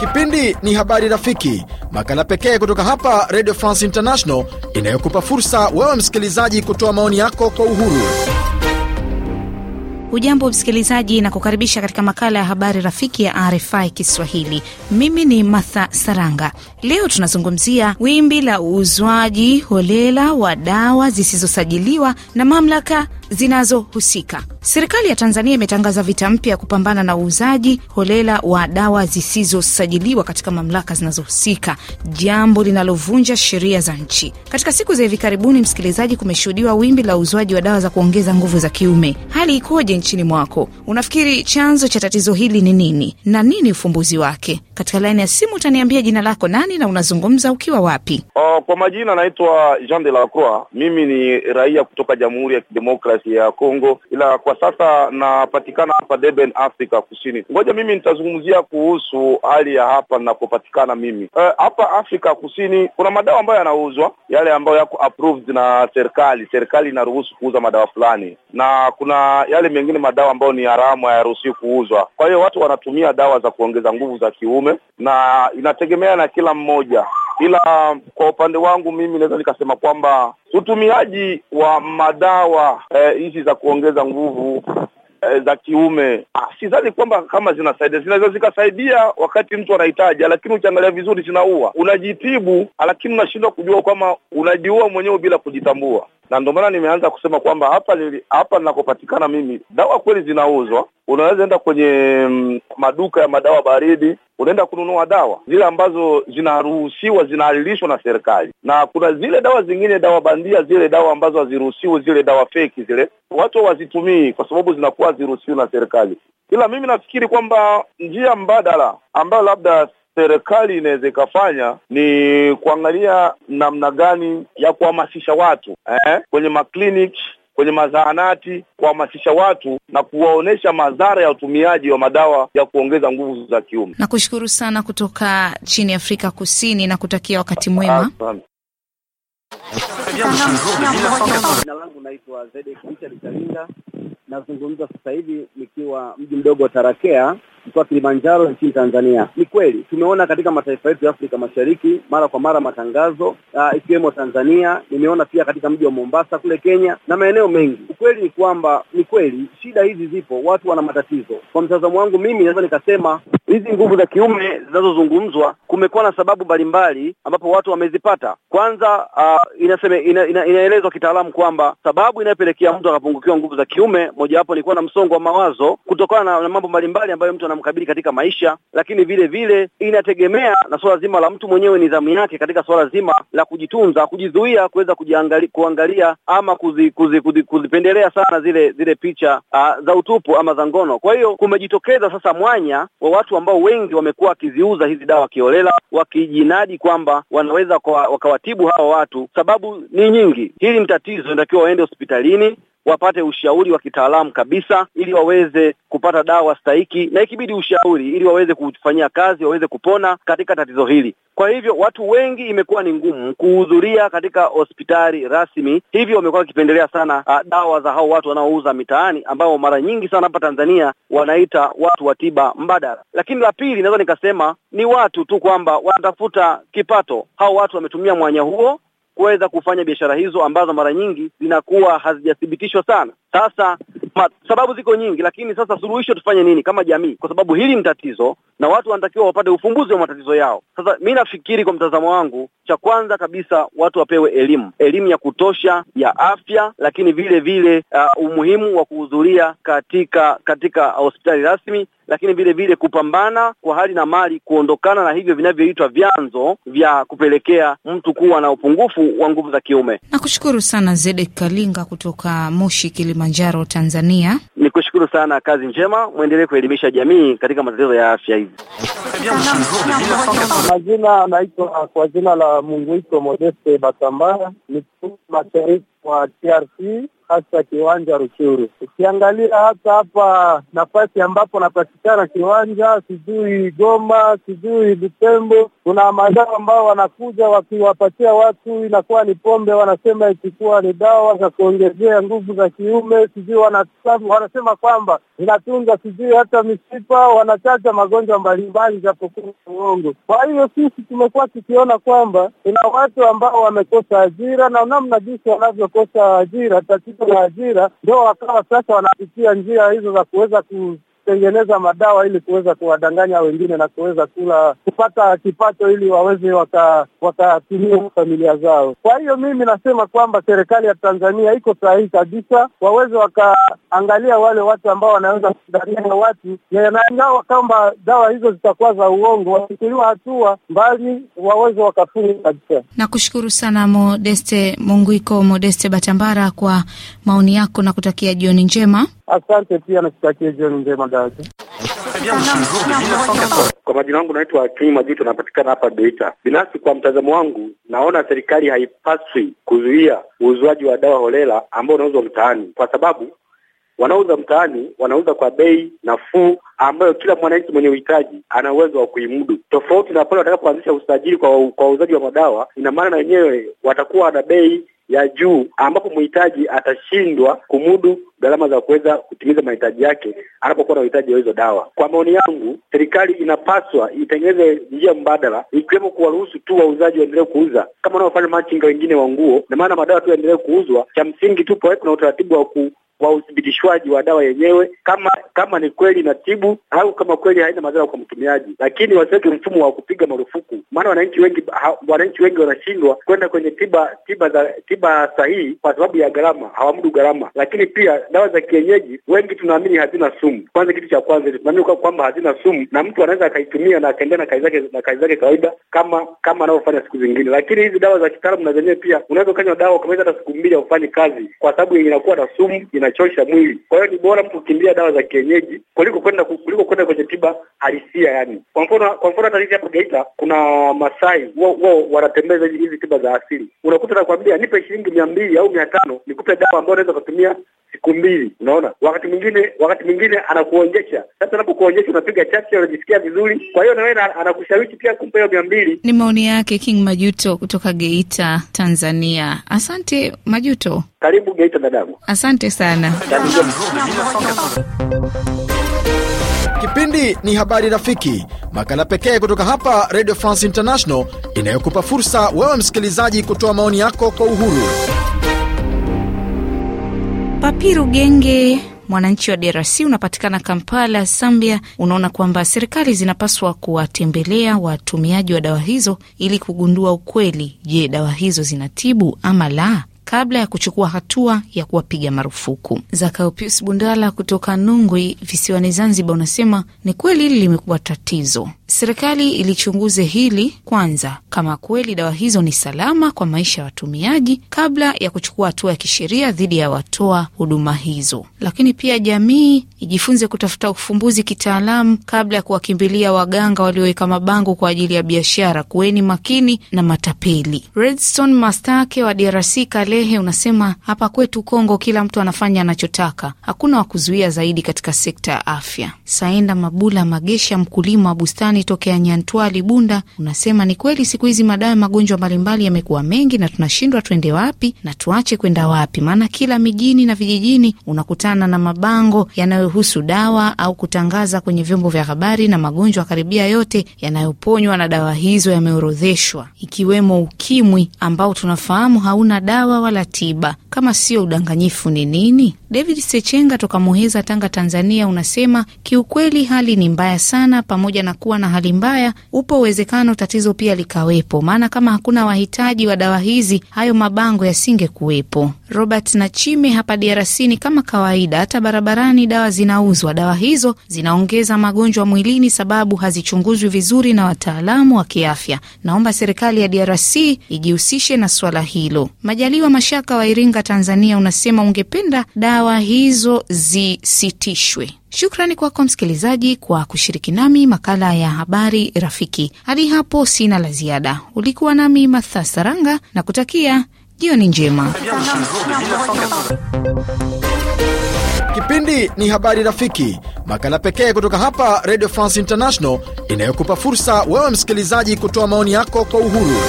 Kipindi ni Habari Rafiki, makala pekee kutoka hapa Radio France International inayokupa fursa wewe msikilizaji kutoa maoni yako kwa uhuru. ujambo msikilizaji, na kukaribisha katika makala ya habari rafiki ya RFI Kiswahili. Mimi ni Martha Saranga. Leo tunazungumzia wimbi la uuzwaji holela wa dawa zisizosajiliwa na mamlaka zinazohusika. Serikali ya Tanzania imetangaza vita mpya ya kupambana na uuzaji holela wa dawa zisizosajiliwa katika mamlaka zinazohusika, jambo linalovunja sheria za nchi. Katika siku za hivi karibuni, msikilizaji, kumeshuhudiwa wimbi la uuzwaji wa dawa za kuongeza nguvu za kiume. Hali ikoje nchini mwako? Unafikiri chanzo cha tatizo hili ni nini na nini ufumbuzi wake? Katika laini ya simu utaniambia jina lako nani na unazungumza ukiwa wapi? Uh, kwa majina naitwa Jean de la Croix. Mimi ni raia kutoka Jamhuri ya Kidemokrasia Kidemokrasia ya Kongo, ila kwa sasa napatikana hapa Deben, Afrika Kusini. Ngoja mimi nitazungumzia kuhusu hali ya hapa ninapopatikana mimi. E, hapa Afrika Kusini kuna madawa ambayo yanauzwa yale ambayo yako approved na serikali. Serikali inaruhusu kuuza madawa fulani, na kuna yale mengine madawa ambayo ni haramu, hayaruhusiwi kuuzwa. Kwa hiyo watu wanatumia dawa za kuongeza nguvu za kiume, na inategemea na kila mmoja ila kwa upande wangu mimi naweza nikasema kwamba utumiaji wa madawa eh, hizi eh, za kuongeza nguvu eh, za kiume ah, sidhani kwamba kama zinasaidia, zinaweza zikasaidia wakati mtu anahitaji, lakini ukiangalia vizuri zinaua. Unajitibu, lakini unashindwa kujua kwamba unajiua mwenyewe bila kujitambua na ndio maana nimeanza kusema kwamba hapa hapa ninakopatikana mimi dawa kweli zinauzwa, unaweza enda kwenye mm, maduka ya madawa baridi, unaenda kununua dawa zile ambazo zinaruhusiwa, zinaalilishwa na serikali, na kuna zile dawa zingine, dawa bandia, zile dawa ambazo haziruhusiwi, zile dawa feki zile, watu wazitumii kwa sababu zinakuwa haziruhusiwi na serikali. Ila mimi nafikiri kwamba njia mbadala ambayo labda serikali inaweza ikafanya ni kuangalia namna gani ya kuhamasisha watu eh, kwenye makliniki kwenye mazahanati kuhamasisha watu na kuwaonyesha madhara ya utumiaji wa madawa ya kuongeza nguvu za kiume. Nakushukuru sana kutoka chini Afrika Kusini na kutakia wakati mwema. Jina langu naitwa Zedek Richard Kalinga, nazungumza sasa hivi nikiwa mji mdogo wa Tarakea mkoa wa Kilimanjaro nchini Tanzania. Ni kweli tumeona katika mataifa yetu ya Afrika Mashariki mara kwa mara matangazo uh, ikiwemo Tanzania, nimeona pia katika mji wa Mombasa kule Kenya na maeneo mengi. Ukweli ni kwamba ni kweli shida hizi zipo, watu wana matatizo. Kwa mtazamo wangu mimi naweza nikasema hizi nguvu za kiume zinazozungumzwa, kumekuwa na sababu mbalimbali ambapo watu wamezipata. Kwanza uh, inaseme, ina, ina, inaelezwa kitaalamu kwamba sababu inayopelekea mtu akapungukiwa nguvu za kiume mojawapo ni kuwa na msongo wa mawazo kutokana na, na mambo mbalimbali ambayo mtu ana yanamkabili katika maisha, lakini vile vile inategemea na suala zima la mtu mwenyewe, nidhamu yake katika suala zima la kujitunza, kujizuia kuweza kujiangali, kuangalia ama kuzi, kuzi, kuzi, kuzipendelea sana zile zile picha uh, za utupu ama za ngono. Kwa hiyo kumejitokeza sasa mwanya wa watu ambao wengi wamekuwa wakiziuza hizi dawa kiolela, wakijinadi kwamba wanaweza kwa, wakawatibu hawa watu. Sababu ni nyingi, hili ni tatizo, inatakiwa waende hospitalini wapate ushauri wa kitaalamu kabisa, ili waweze kupata dawa stahiki na ikibidi ushauri, ili waweze kufanyia kazi, waweze kupona katika tatizo hili. Kwa hivyo watu wengi imekuwa ni ngumu kuhudhuria katika hospitali rasmi, hivyo wamekuwa wakipendelea sana a, ah, dawa za hao watu wanaouza mitaani, ambao mara nyingi sana hapa Tanzania wanaita watu wa tiba mbadala. Lakini la pili, naweza nikasema ni watu tu kwamba wanatafuta kipato. Hao watu wametumia mwanya huo kuweza kufanya biashara hizo ambazo mara nyingi zinakuwa hazijathibitishwa sana. Sasa ma, sababu ziko nyingi, lakini sasa suluhisho tufanye nini kama jamii? Kwa sababu hili ni tatizo na watu wanatakiwa wapate ufumbuzi wa matatizo yao. Sasa mi nafikiri, kwa mtazamo wangu, cha kwanza kabisa watu wapewe elimu, elimu ya kutosha ya afya, lakini vile vile uh, umuhimu wa kuhudhuria katika katika hospitali rasmi lakini vile vile kupambana kwa hali na mali, kuondokana na hivyo vinavyoitwa vyanzo vya kupelekea mtu kuwa na upungufu wa nguvu za kiume. Nakushukuru sana Zedek Kalinga kutoka Moshi, Kilimanjaro, Tanzania. Nikushukuru sana, kazi njema, mwendelee kuelimisha jamii katika matatizo ya afya hizi. Majina anaitwa kwa jina la munguito Modeste Batambara, ni mashariki wa DRC hasa kiwanja rushuru Ukiangalia hata hapa nafasi ambapo napatikana kiwanja, sijui Goma, sijui Butembo, kuna mazao ambao wanakuja wakiwapatia watu inakuwa ni pombe, wanasema ikikuwa ni dawa za kuongezea nguvu za kiume, sijui wanasema kwamba inatunza sijui hata mishipa, wanachaja magonjwa mbalimbali, japokuwa uongo. Kwa hiyo sisi tumekuwa tukiona kwamba kuna watu ambao wamekosa ajira na namna jinsi wanavyokosa ajira tatizo wa ajira, ndio wakawa sasa wanapitia njia hizo za kuweza ku kutengeneza madawa ili kuweza kuwadanganya wengine na kuweza kula kupata kipato ili waweze wakatumia waka familia zao. Kwa hiyo mimi nasema kwamba serikali ya Tanzania iko sahihi kabisa, waweze wakaangalia wale watu ambao wanaweza kudanganya watu, na kwamba dawa hizo zitakuwa za uongo, wachukuliwa hatua mbali, waweze wakafunga kabisa. Nakushukuru sana Modeste Munguiko, Modeste Batambara kwa maoni yako na kutakia jioni njema. Asante pia nakutakia jioni njema dada. Kwa majina wangu naitwa Akinyi Majuto, napatikana hapa Geita. Binafsi, kwa mtazamo wangu, naona serikali haipaswi kuzuia uuzwaji wa dawa holela ambao unauzwa mtaani, kwa sababu wanaouza mtaani wanauza kwa bei nafuu ambayo kila mwananchi mwenye uhitaji ana uwezo wa kuimudu, tofauti na pale watakapoanzisha usajili kwa kwa wa madawa. Ina maana na wenyewe watakuwa na bei ya juu ambapo mhitaji atashindwa kumudu gharama za kuweza kutimiza mahitaji yake anapokuwa na uhitaji wa hizo dawa. Kwa maoni yangu, serikali inapaswa itengeneze njia mbadala, ikiwemo kuwaruhusu tu wauzaji waendelee kuuza kama wanaofanya machinga wengine wa nguo, na maana madawa tu yaendelee kuuzwa. Cha msingi tu pawepo na utaratibu wa ku wa uthibitishwaji wa dawa yenyewe, kama kama ni kweli inatibu au kama kweli haina madhara kwa mtumiaji, lakini wasiweke mfumo wa kupiga marufuku, maana wananchi wengi wananchi wengi wanashindwa kwenda kwenye tiba tiba za tiba sahihi kwa sababu ya gharama, hawamudu gharama. Lakini pia dawa za kienyeji wengi tunaamini hazina sumu. Kwanza, kitu cha kwanza tunaamini kwa kwamba hazina sumu na mtu anaweza akaitumia na akaendelea na kazi zake na kazi zake kawaida kama kama anavyofanya siku zingine, lakini hizi dawa za kitaalamu na zenyewe pia unaweza ukanywa dawa kama hata siku mbili haufanyi kazi, kwa sababu inakuwa na sumu, inachosha mwili. Kwa hiyo ni bora mtu kukimbia dawa za kienyeji kuliko kwenda kuliko kwenda kwenye tiba halisia. Yani kwa mfano kwa mfano hata hizi hapa Geita kuna Masai wao wanatembeza hizi tiba za asili, unakuta nakwambia nipe shilingi mia mbili au mia tano nikupe dawa ambayo unaweza ukatumia siku mbili. Unaona, wakati mwingine wakati mwingine anakuonyesha. Sasa anapokuonyesha unapiga chache, unajisikia vizuri, kwa hiyo na anakushawishi pia kumpa hiyo mia mbili. Ni maoni yake King Majuto kutoka Geita, Tanzania. Asante Majuto, karibu Geita dadangu, asante sana. Kipindi ni Habari Rafiki, makala pekee kutoka hapa Radio France International inayokupa fursa wewe msikilizaji kutoa maoni yako kwa uhuru. Papiru Genge, mwananchi wa DRC unapatikana Kampala, Zambia, unaona kwamba serikali zinapaswa kuwatembelea watumiaji wa dawa hizo ili kugundua ukweli. Je, dawa hizo zinatibu ama la, kabla ya kuchukua hatua ya kuwapiga marufuku. Zakaopius Bundala kutoka Nungwi visiwani Zanzibar unasema ni kweli hili limekuwa tatizo serikali ilichunguze hili kwanza, kama kweli dawa hizo ni salama kwa maisha ya watumiaji kabla ya kuchukua hatua ya kisheria dhidi ya watoa huduma hizo. Lakini pia jamii ijifunze kutafuta ufumbuzi kitaalamu kabla ya kuwakimbilia waganga walioweka mabango kwa ajili ya biashara. Kuweni makini na matapeli. Redstone Mastake wa DRC Kalehe unasema hapa kwetu Kongo kila mtu anafanya anachotaka, hakuna wa kuzuia zaidi katika sekta ya afya. Saenda Mabula Magesha, mkulima wa bustani Amani tokea Nyantwali, Bunda, unasema ni kweli siku hizi madawa ya magonjwa mbalimbali yamekuwa mengi na tunashindwa twende wapi na tuache kwenda wapi, maana kila mijini na vijijini unakutana na mabango yanayohusu dawa au kutangaza kwenye vyombo vya habari, na magonjwa karibia yote yanayoponywa na dawa hizo yameorodheshwa, ikiwemo ukimwi ambao tunafahamu hauna dawa wala tiba. Kama sio udanganyifu ni nini? David Sechenga toka Muheza, Tanga, Tanzania, unasema kiukweli hali ni mbaya sana. Pamoja na kuwa na hali mbaya, upo uwezekano tatizo pia likawepo, maana kama hakuna wahitaji wa dawa hizi hayo mabango yasingekuwepo. Robert Nachime hapa DRC ni kama kawaida, hata barabarani dawa zinauzwa. Dawa hizo zinaongeza magonjwa mwilini sababu hazichunguzwi vizuri na wataalamu wa kiafya. Naomba serikali ya DRC ijihusishe na swala hilo. Majaliwa Mashaka wa Iringa, Tanzania, unasema ungependa dawa dawa hizo zisitishwe. Shukrani kwako msikilizaji kwa kushiriki nami makala ya habari rafiki. Hadi hapo sina la ziada. Ulikuwa nami Matha Saranga na kutakia jioni njema. Kipindi ni habari rafiki, makala pekee kutoka hapa Radio France International inayokupa fursa wewe msikilizaji kutoa maoni yako kwa uhuru.